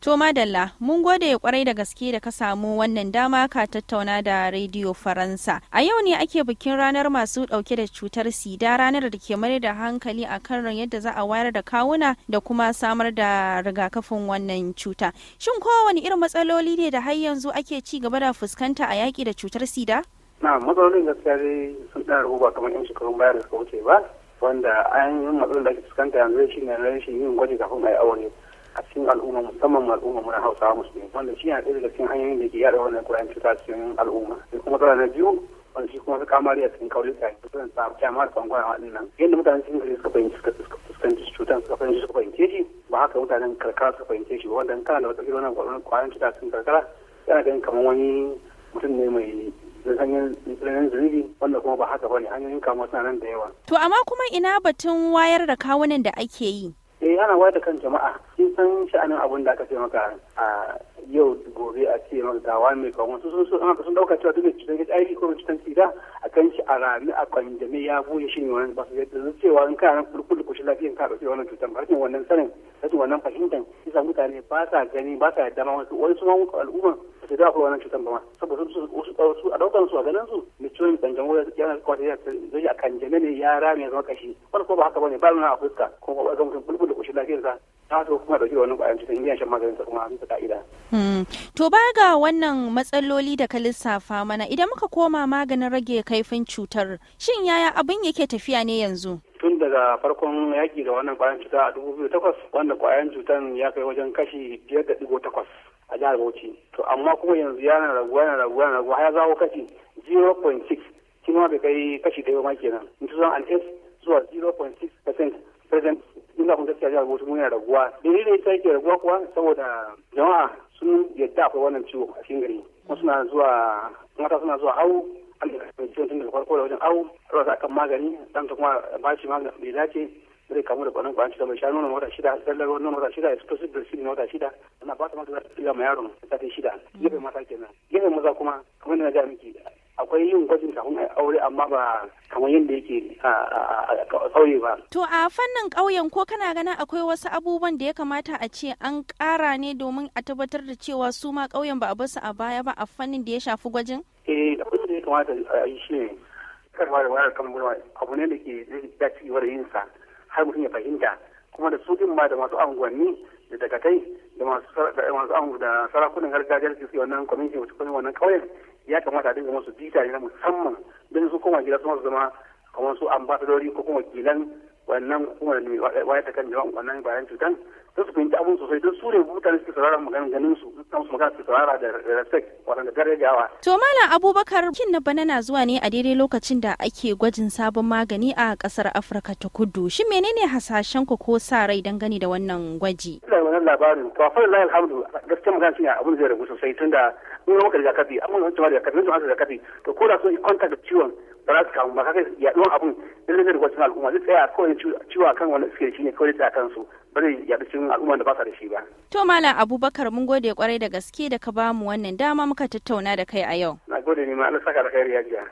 To Madalla, mun gode kwarai da gaske da ka samu wannan dama ka tattauna da Radio Faransa. A yau ne ake bikin ranar masu ɗauke da cutar sida ranar da ke mai da hankali a kan yadda za a wayar da kawuna da kuma samar da rigakafin wannan cuta. Shin kowane irin matsaloli ne da har yanzu ake ci gaba da fuskanta a yaƙi da cutar sida? Na matsalolin gaskiya dai sun ɗan ruba kamar 'yan shekarun baya da suka wuce ba, wanda an yi matsalolin da ake fuskanta yanzu shi ne rashin yin gwaji kafin a yi aure. a cikin al'umma musamman al'umma muna hausawa musulmi wanda shi yana ɗaya daga cikin hanyoyin da ke yaɗa wannan ƙura'in cuta cikin al'umma sai kuma tsara na biyu wanda shi kuma su kamariya cikin kauyuka sun samu kyamar kwangwara waɗannan yadda mutanen cikin gari suka fahimci suka fuskanci cutar suka fahimci suka fahimce shi ba haka mutanen karkara suka fahimce shi ba wanda kana da wata irin wannan ƙwayan cuta cikin karkara yana ganin kamar wani mutum ne mai wanda kuma ba haka bane hanyoyin kamuwa suna nan da yawa. To amma kuma ina batun wayar da kawunan da ake yi? eh ana wayar da kan jama'a kin san sha'anin abun da aka ce maka a yau gobe a ce maka gawa mai kawo su sun sun aka sun dauka cewa duk cutar HIV ko cutar sida a kan shi a rami a kwanjame ya buye shi ne wani ba su yadda cewa in kana kulkul rashin lafiyan ka ɗauki wannan cutar rashin wannan sanin rashin wannan fahimtar yasa mutane ba sa gani ba sa yadda ma wasu wani suna su al'umma ba su dafa wannan cutar ba ma saboda su su a ɗaukar su a ganin su mai ciwon kanjamau yana kwata ya zai a kan kanjame ne ya rame ya zama kashi wani ko ba haka bane ba nuna a fuska ko ba zama mutum bulbul da ƙoshin lafiyar sa ta so kuma ɗauki wannan ƙwayar cutar in shan maganin sa kuma bisa ka'ida. Hmm. to ba ga wannan matsaloli da ka lissafa mana idan muka koma maganin rage kaifin cutar shin yaya abin yake tafiya ne yanzu? tun daga farkon yaƙi da wannan ƙwayan cuta a dubu biyu takwas wanda ƙwayan cutan ya kai wajen kashi biyar da takwas a jihar Bauchi. To amma kuma yanzu yana raguwa yana raguwa yana raguwa ya zawo kashi 0.6 kima bai kai kashi ɗaya ma kenan. In 2008 zuwa 0.6 percent present inda kun gaskiya jihar Bauchi mun yana raguwa. Dalilin ita yake raguwa kuwa saboda jama'a sun yadda akwai wannan ciwo a cikin gari. Kuma suna zuwa mata suna zuwa hau an ciwon tun daga farko da wajen awu rawa ta akan magani dan ta kuma ba shi magani bai dace zai kamu da kwanan kwanan cuta mai sha nono wata shida zallar ruwan nuna wata shida ya fito sibir sibir wata shida ana ba ta magani ga ma yaron ta ta shida gefe mata kenan gefe maza kuma kamar da na ga miki akwai yin gwajin kafin aure amma ba kamar yadda yake a ƙauye ba. To a fannin ƙauyen ko kana ganin akwai wasu abubuwan da ya kamata a ce an ƙara ne domin a tabbatar da cewa su ma ƙauyen ba a basu a baya ba a fannin da ya shafi gwajin? Eh, kamata a yi shi ne karwa da wayar kan gurwa abu ne da ke da ci gaba da yin sa har mutum ya fahimta kuma da su din ma da masu anguwanni da dagatai da masu masu da sarakunan gargajiyar su wannan kwamiti wacce kuma wannan kauyen ya kamata a dinga musu bita ne na musamman don su koma gida su zama kamar su ambasadori ko kuma gilan wannan da ne wayar ta kan jama'a wannan bayan cutan sai su fahimci abin sosai don su ne mutane suke saurara maganin ganin su sun su magana suke saurara da respect gare gawa. To Malam Abubakar kin na banana zuwa ne a daidai lokacin da ake gwajin sabon magani a ƙasar Afirka ta Kudu. Shin menene hasashen ku ko sa rai dangane da wannan gwaji? Ina wannan labarin to akwai Allah alhamdu gaskiya magana shi abin zai ragu sosai tunda in yi maka rigakafi amma wancan rigakafi wancan rigakafi to ko da sun yi kwanta da ciwon ba za su kamu ba kaga yaduwan abin wani tsaya kawai ciwa kan wanda suke shi ne kawai tsaya kansu ba zai yaɗu cikin al'ummar da ba sa da shi ba. To Malam Abubakar mun gode kwarai da gaske da ka bamu wannan dama muka tattauna da kai a yau. Na gode ne ma Allah saka da kai riyajiya.